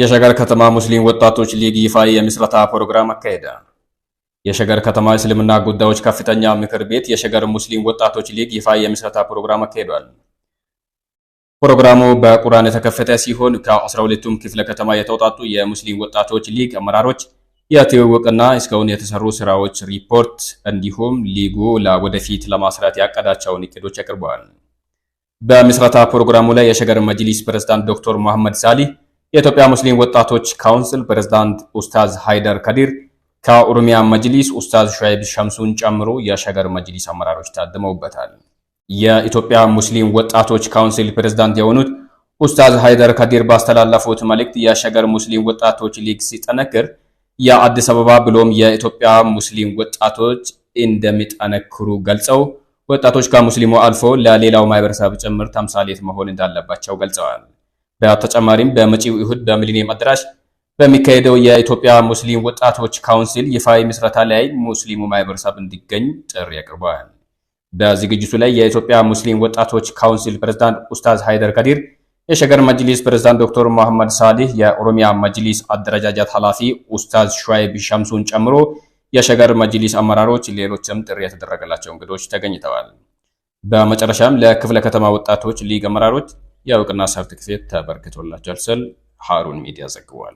የሸገር ከተማ ሙስሊም ወጣቶች ሊግ ይፋ የምስረታ ፕሮግራም አካሄደ። የሸገር ከተማ እስልምና ጉዳዮች ከፍተኛ ምክር ቤት የሸገር ሙስሊም ወጣቶች ሊግ ይፋ የምስረታ ፕሮግራም አካሄዷል። ፕሮግራሙ በቁርአን የተከፈተ ሲሆን ከ12ቱም ክፍለ ከተማ የተውጣጡ የሙስሊም ወጣቶች ሊግ አመራሮች የትውውቅና እስካሁን የተሰሩ ስራዎች ሪፖርት እንዲሁም ሊጉ ለወደፊት ለማስራት ያቀዳቸውን እቅዶች አቅርበዋል። በምስረታ ፕሮግራሙ ላይ የሸገር መጅሊስ ፕሬዝዳንት ዶክተር መሐመድ ሳሊህ የኢትዮጵያ ሙስሊም ወጣቶች ካውንስል ፕሬዝዳንት ኡስታዝ ሃይደር ከዲር ከኦሮሚያ መጅሊስ ኡስታዝ ሸይብ ሸምሱን ጨምሮ የሸገር መጅሊስ አመራሮች ታድመውበታል። የኢትዮጵያ ሙስሊም ወጣቶች ካውንስል ፕሬዝዳንት የሆኑት ኡስታዝ ሃይደር ከዲር ባስተላለፉት መልእክት የሸገር ሙስሊም ወጣቶች ሊግ ሲጠነክር የአዲስ አበባ ብሎም የኢትዮጵያ ሙስሊም ወጣቶች እንደሚጠነክሩ ገልጸው ወጣቶች ከሙስሊሙ አልፎ ለሌላው ማህበረሰብ ጭምር ተምሳሌት መሆን እንዳለባቸው ገልጸዋል። በተጨማሪም በመጪው እሁድ በሚሊኒየም አዳራሽ በሚካሄደው የኢትዮጵያ ሙስሊም ወጣቶች ካውንሲል ይፋዊ ምስረታ ላይ ሙስሊሙ ማህበረሰብ እንዲገኝ ጥሪ አቅርበዋል። በዝግጅቱ ላይ የኢትዮጵያ ሙስሊም ወጣቶች ካውንሲል ፕሬዝዳንት ኡስታዝ ሃይደር ከዲር፣ የሸገር መጅሊስ ፕሬዝዳንት ዶክተር መሐመድ ሳሊህ፣ የኦሮሚያ መጅሊስ አደረጃጃት ኃላፊ ኡስታዝ ሸዋይብ ሸምሱን ጨምሮ የሸገር መጅሊስ አመራሮች፣ ሌሎችም ጥሪ የተደረገላቸው እንግዶች ተገኝተዋል። በመጨረሻም ለክፍለ ከተማ ወጣቶች ሊግ አመራሮች የእውቅና ሰርቲፊኬት ተበርክቶላቸዋል ስል ሀሩን ሚዲያ ዘግቧል።